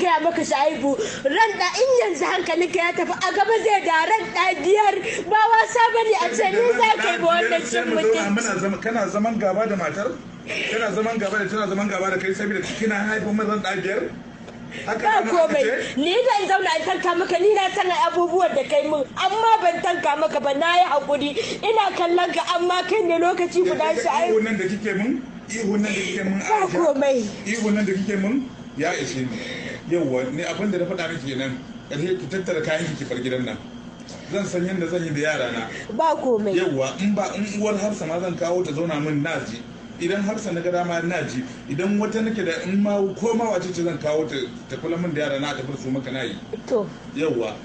kaya maka shaibu ran da in yanzu hankalinka ya tafi a gaba zai da ran da biyar ba wasa ne a ce ni za ka yi ba wannan cin mutum kana zaman gaba da matar kana zaman gaba da tana zaman gaba da kai saboda kina haifin mai ran da biyar ba komai ni da in zauna in tanka maka ni na sanar abubuwan da kai mun amma ban tanka maka ba na yi hakuri ina kallon ka amma kai ne lokaci guda shi ai ihun nan da kike mun ihun nan da kike mun ba komai ihun nan da kike mun ya ishe ni yauwa ne abin da na faɗa miki nan ƙarfi ki tattara kayan ki bar gidan nan zan san yadda zan yi da yara na ba komai yauwa in ba in uwar harsa ma zan kawo ta zauna min na ji idan harsa na gada ma na ji idan wata nake da in ma komawa ce ce zan kawo ta ta kula min da yara na ta bar su maka na yi to yauwa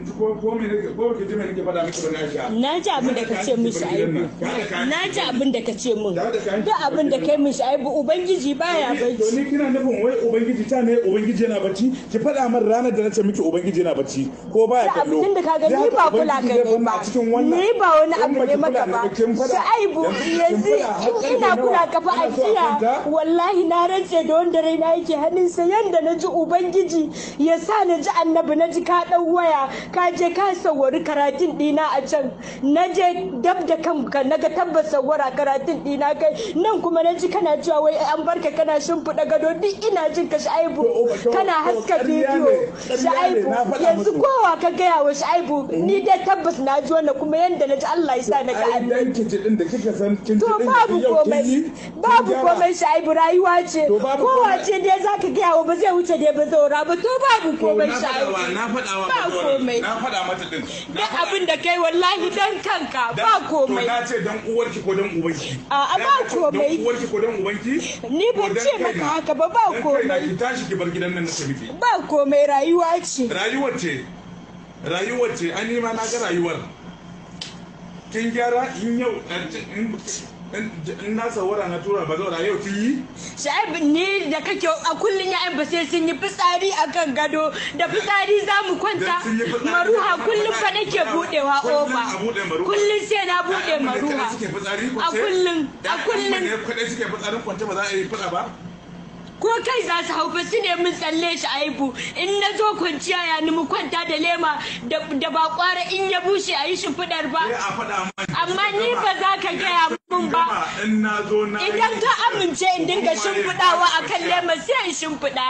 na ji abin da ka ce min shaibu na ji abin da ka min duk abin da kai min ubangiji baya bacci domin kina nufin wai ubangiji ta ne ubangiji yana bacci ki min ranar da miki ubangiji yana bacci ko baya kallo abin da ni ba kula ka ne ba ni ba wani abu ne maka ba yanzu ina kula ka fa jiya wallahi na rantse da wanda raina yake hannunsa yanda na ji ubangiji ya sa na ji annabi na ji ka ɗan waya ka je ka sawari karatun dina a can na je dab da kanka na ga tabbas sawara karatun dina kai nan kuma na ji kana cewa wai an barka kana shimfiɗa gado duk ina jin ka sha'ibu kana haska bidiyo sha'ibu yanzu kowa ka gaya wa sha'ibu eh. ni dai tabbas na ji wannan kuma yanda na ji Allah ya sa na ga annabi to babu komai babu komai sha'ibu rayuwa ce kowa ce dai zaka gaya wa ba zai wuce dai ba zaura ba to babu komai sha'ibu ba komai Eh? na faɗa mata din duk abin da kai wallahi dan kanka ba komai na ce dan uwarki ko dan ubanki a ba komai dan uwarki ko dan ubanki ni ban ce maka haka ba ba komai dan ki tashi ki bar gidan nan na tafi ba komai rayuwa ce rayuwar ce rayuwar ce an ma na ga rayuwar kin gyara in yau in na saurara na tura ba zaura yau kin yi sha'ib ni da kake a kullun ya ba sai sun yi fitsari a kan gado da fitsari za mu kwanta maruha kullun fa nake budewa oba kullun sai na bude maruha a kullun a kullun ne kadai suke fitsarin kwance ba za a yi fada ba ko kai za su haufa su ne mun tsalle shi aibu in na zo kwanciya ya ni mu kwanta da lema da ba kwara in ya bushe a yi shi fudar ba amma ni ba za ka gaya ba. ba idan ka amince in dinga shimfiɗawa a kan lema sai in shimfiɗa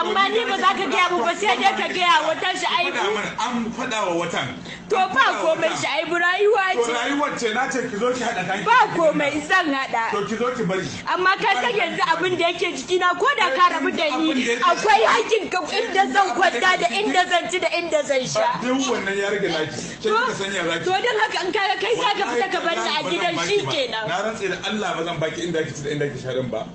amma ni ba za ka gaya mu ba sai dai ka gaya wata shi aibu an faɗa wa watan to ba komai shi aibu rayuwa ce to rayuwar ce na ce ki zo ki haɗa kai. ba komai zan haɗa to ki zo ki bari amma ka san yanzu abin da yake jikina ko da ka rabu da ni akwai hakkin ka inda zan kwanta da inda zan ci da inda zan sha duk wannan ya rage laki sai ka sanya to don haka in ka kai sa ka fita ka bar ni a gidan shi kenan na rantse da Allah ba zan baki inda ci da inda ake sharin ba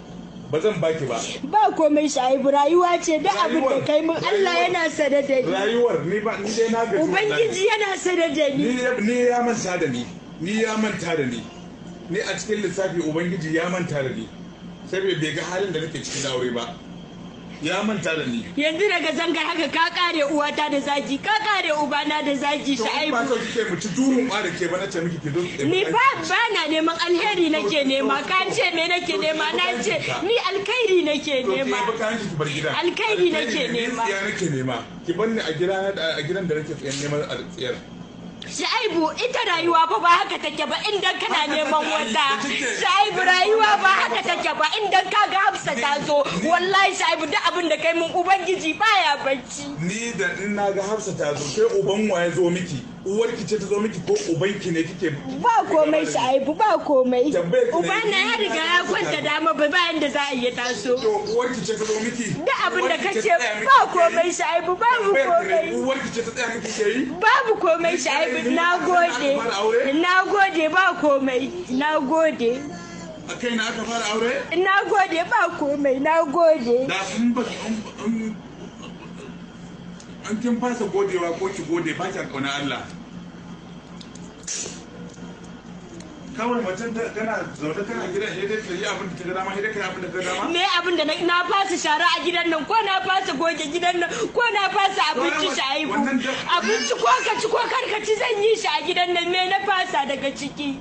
ba zan baki ba ba komai shaibu rayuwa ce da abin da kai mun Allah yana sada da ni rayuwar ni ba ni dai na gaji ubangiji yana sada da ni ni ya manta da ni ni ya manta da ni ni a cikin lissafi ubangiji ya manta da ni saboda bai ga halin da nake cikin aure ba ya manta da ni yanzu daga zanga haka ka kare uwata da zaki ka kare uba na da zaki sha'ibu ba ka kike mu ci durun ba da ke bana ce miki ke don ni ba ba na neman alheri nake nema ka ce me nake nema na ce ni alkhairi nake nema ba ka bar gida alkhairi nake nema ya nake nema ki banni a gidan da nake neman alkhairi shaibu ita rayuwa ba ba haka take ba idan kana neman wata shaibu rayuwa ba haka take ba idan ka ga hafsa ta zo wallahi shaibu duk abin da kai mun ubangiji baya bacci ni da in na ga hafsa ta zo kai uban wa ya zo miki uwarki ce ta zo miki ko ubanki ne kike ba komai sha'ibu ba komai uba na ya riga ya kwanta dama ba bayan da za a iya taso to uwarki ce ta zo miki da abin da kace ba komai sha'ibu babu komai uwarki ce ta tsaya miki ke yi babu komai sha'ibu nagode nagode ba komai nagode a kai na aka fara aure nagode ba komai nagode da sun ba an kin fasa godewa ko ki gode ba ki kauna Allah kawai macen tana zaune tana gidan ya dai yi abin da ta gada ma abin da ta me abin da na fasa shara a gidan nan ko na fasa goge gidan nan ko na fasa abinci shi a abinci ko ka ci ko zan yi shi a gidan nan me na fasa daga ciki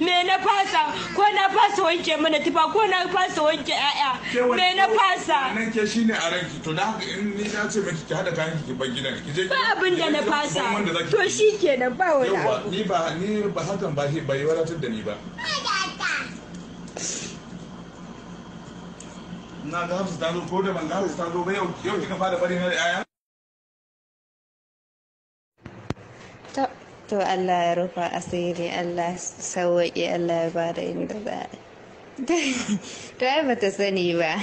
me na fasa ko na fasa wanke mana tufa ko na fasa wanke yaya me na fasa nan ke shine a ranki to da haka in ni na ce miki ki hada kayan ki ban gidan ki je ba abin da na fasa to shikenan ba wala ni ba ni ba hakan ba shi bai wadatar da ni ba na ga hafsu ta zo ko da ban ga hafsu ta zo ba yau yau kika fara bari na aya yaya to Allah ya rufa asiri Allah sauwaƙi Allah ya bada inda za to ai ta sani ba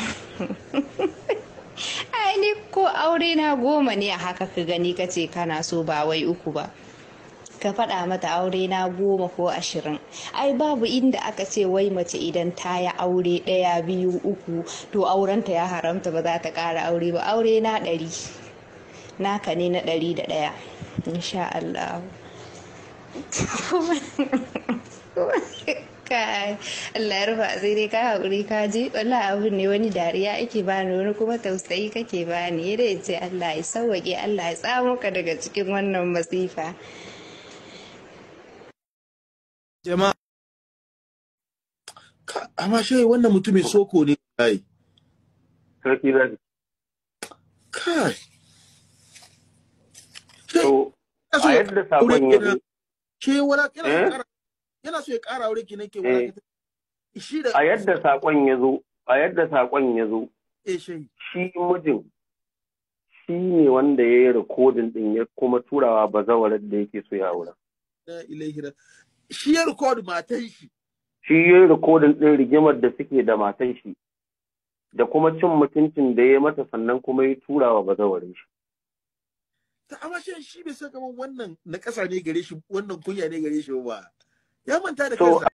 ai ni ko aure na goma ne a haka ka gani ka ce kana so ba wai uku ba ka faɗa mata aure na goma ko ashirin ai babu inda aka ce wai mace idan ta yi aure ɗaya biyu uku to aurenta ya haramta ba za ta ƙara aure ba aure na ɗari naka ne na ɗari da ɗaya insha Allah Allah ya rufa asiri ka haƙuri ka ji wala abu ne wani dariya ake bani wani kuma tausayi kake bani ya dai ce Allah ya sauwaƙe Allah ya tsamo ka daga cikin wannan masifa. Jama'a amma shi wannan mutumin soko ne kai. Sarki zaki. Kai. a yadda sabon ke wala yana eh? yana so ya ƙara aure ki nake wala eh. shi da a yadda sakon ya zo a yadda sakon ya zo eh, shi mijin shi ne wanda ya yi rikodin din ya kuma turawa bazawarar da yake so ya aura shi ya rikod matan shi shi ya yi rikodin din rigimar da suke da matan shi da kuma cin mutuncin da ya mata sannan kuma ya turawa bazawarin shi ta amma shi shi bai san kamar wannan na kasa ne gare shi wannan kunya ne gare shi ba ya manta da kansa